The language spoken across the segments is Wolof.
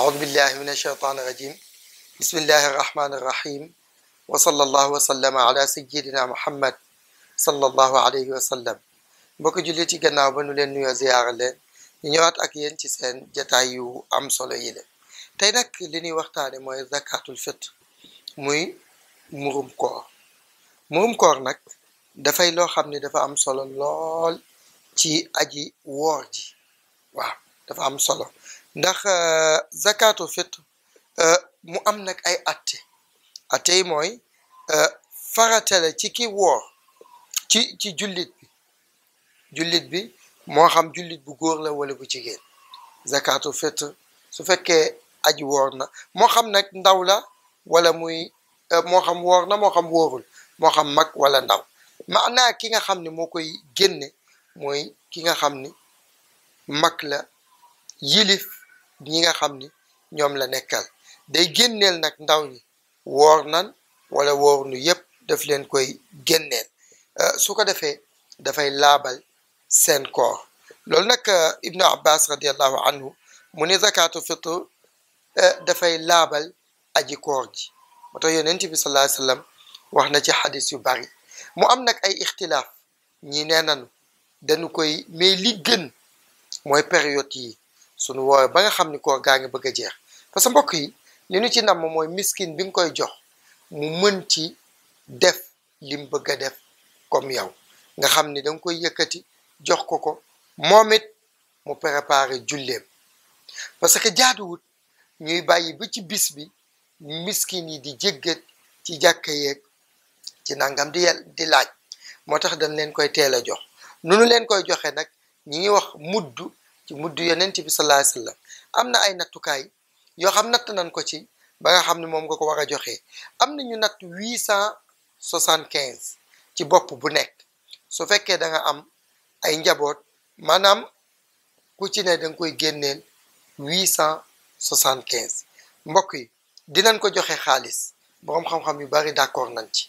أعوذ بالله من الشيطان a بسم الله الرحمن الرحيم وصلى الله وسلم على سيدنا محمد صلى الله عليه وسلم mbokk jullit yi gannaaw ba nu leen nuyoo ziyaara leen ñu ñëwaat ak yéen ci seen jataay yu am solo yi la tey nag li ñuy waxtaane mooy zakatul fitr muy murum koor murum koor nag dafay loo xam ne dafa am solo lool ci aji woor ji dafa am solo ndax euh, zakatu fitr euh, mu am nag ay atte atte yi mooy euh, faratale ci ki woor ci ci jullit bi jullit bi moo xam jullit bu góor la wala bu jigéen zakatu fitr su fekkee aji woor na moo xam nag ndaw la wala muy moo xam woor na moo xam wóorul moo xam mag wala ndaw maanaa ki nga xam ni moo koy génne mooy ki nga xam ni mag la yilif ñi nga xam ni ñoom la nekkal day génneel nag ndaw ñi woor nan wala woor nu yëpp def leen koy génneel euh, su ko defee dafay laabal seen koor loolu nag euh, ibnu abbas radiallahu anhu mu ne zakatu fitr euh, dafay laabal aji koor ji moo tax yonent bi sallallahu alayhi wasallam wax na ci xadis yu bari mu am nag ay ixtilaaf ñi nee nanu dañu koy mais li gën mooy période yi suñu woowee ba nga xam ni koor gaa ngi bëgg a jeex parce que mbokk yi li ñu ci nam mooy miskin bi nga koy jox mu mën ci def lim bëgg def kom yow nga xam ni da koy yëkkati jox ko ko moom it mu préparer julleem parce que jaaduwut ñuy bàyyi ba ci bis bi miskin yi di jéggat ci jàkka yeeg ci nangam di di laaj moo tax dañ leen koy teel a jox nunu leen koy joxee nag ñi ngi wax mudd ci muddu yonent bi sallallahu alayhi am na ay nattukaay yoo xam natt nañ ko ci ba nga xam ne moom nga ko war a joxe am na ñu natt huit cent soixante quinze ci bopp bu nekk su fekkee da nga am ay njaboot maanaam ku ci ne da nga koy génneel huit cent soixante quinze mbokk yi dinañ ko joxe xaalis boroom xam-xam yu bari d'accord nañ ci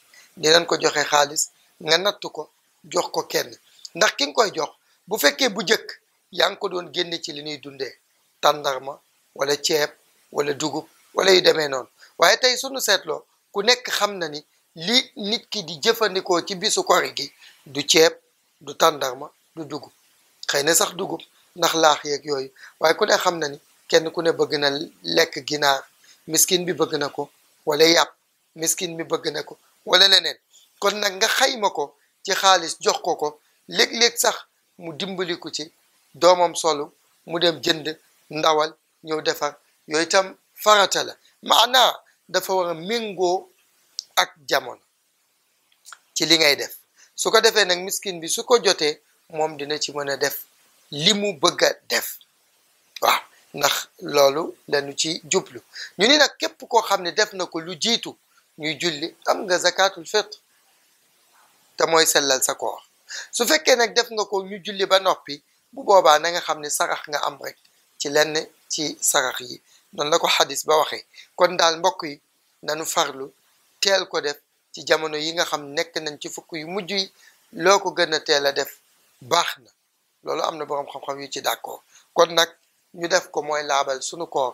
dinañ ko joxe xaalis nga nattu ko jox ko kenn ndax kin koy jox bu fekkee bu jëkk yaa ngi ko doon génne ci li ñuy dundee tàndarma wala ceeb wala dugub wala yu demee noonu waaye tey sunu seetloo ku nekk xam na ni li nit ki di jëfandikoo ci bisu kori gi du ceeb du tàndarma du dugub xëy na sax dugub ndax laax yeeg yooyu waaye ku ne xam na ni kenn ku ne bëgg na lekk ginaar miskin bi bëgg na ko wala yàpp miskin bi bëgg na ko wala leneen kon nag nga xayma ko ci xaalis jox ko ko léeg-léeg sax mu dimbali ko ci doomam solu mu dem jënd ndawal ñëw defar yooyu tam farata la maanaa dafa war a méngoo ak jamono ci li ngay def su ko defee nag miskin bi su ko jotee moom dina ci mën a def li mu bëgg a def waaw ndax loolu lañu ci jublu ñu ni nag képp koo xam ne def na ko lu jiitu ñuy julli am nga zakatul fitr te mooy sellal sa koor su fekkee nag def nga ko ñu julli ba noppi bu boobaa na nga xam ne sarax nga am rek ci lenn ci sarax yi noonu la ko xadis ba waxee kon daal mbokk yi nanu farlu teel ko def ci jamono yi nga xam nekk nañ ci fukk yu mujj yi loo ko gën a teel a def baax na loolu am na boroom xam-xam yu ci d'accord kon nag ñu def ko mooy laabal sunu koor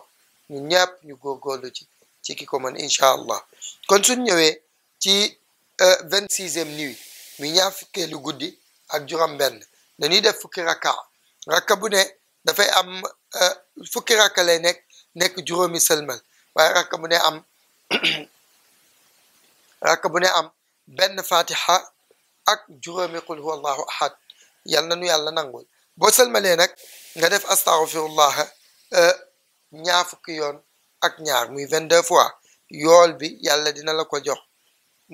ñu ñàpp ñu góorgóorlu ci ci ki ko mën incha allah kon suñ ñëwee ci euh, vingt sixième nuit muy ñaar fukkeelu guddi ak juróom benn dañuy def fukki rakka rakka bu ne dafay am euh, fukki rakka lay nekk nekk juróomi sëlmal waaye rakka bu ne am rakka bu ne am benn fatiha ak juróomi qul huwa allahu ahad yal na nu yàlla nangul boo sëlmalee nag nga def astaghfirullah euh, ñaar fukki yoon ak ñaar muy vingt deux fois yool bi yàlla dina la ko jox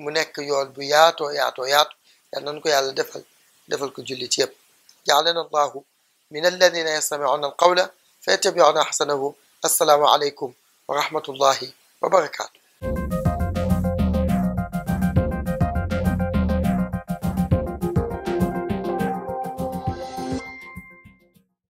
mu nekk yool bu yaatoo yaatoo yaatu yal nañu ko yàlla defal defal ko julli ci yëpp جعلنا الله من الذين يستمعون القول فيتبعون أحسنه السلام عليكم ورحمة الله وبركاته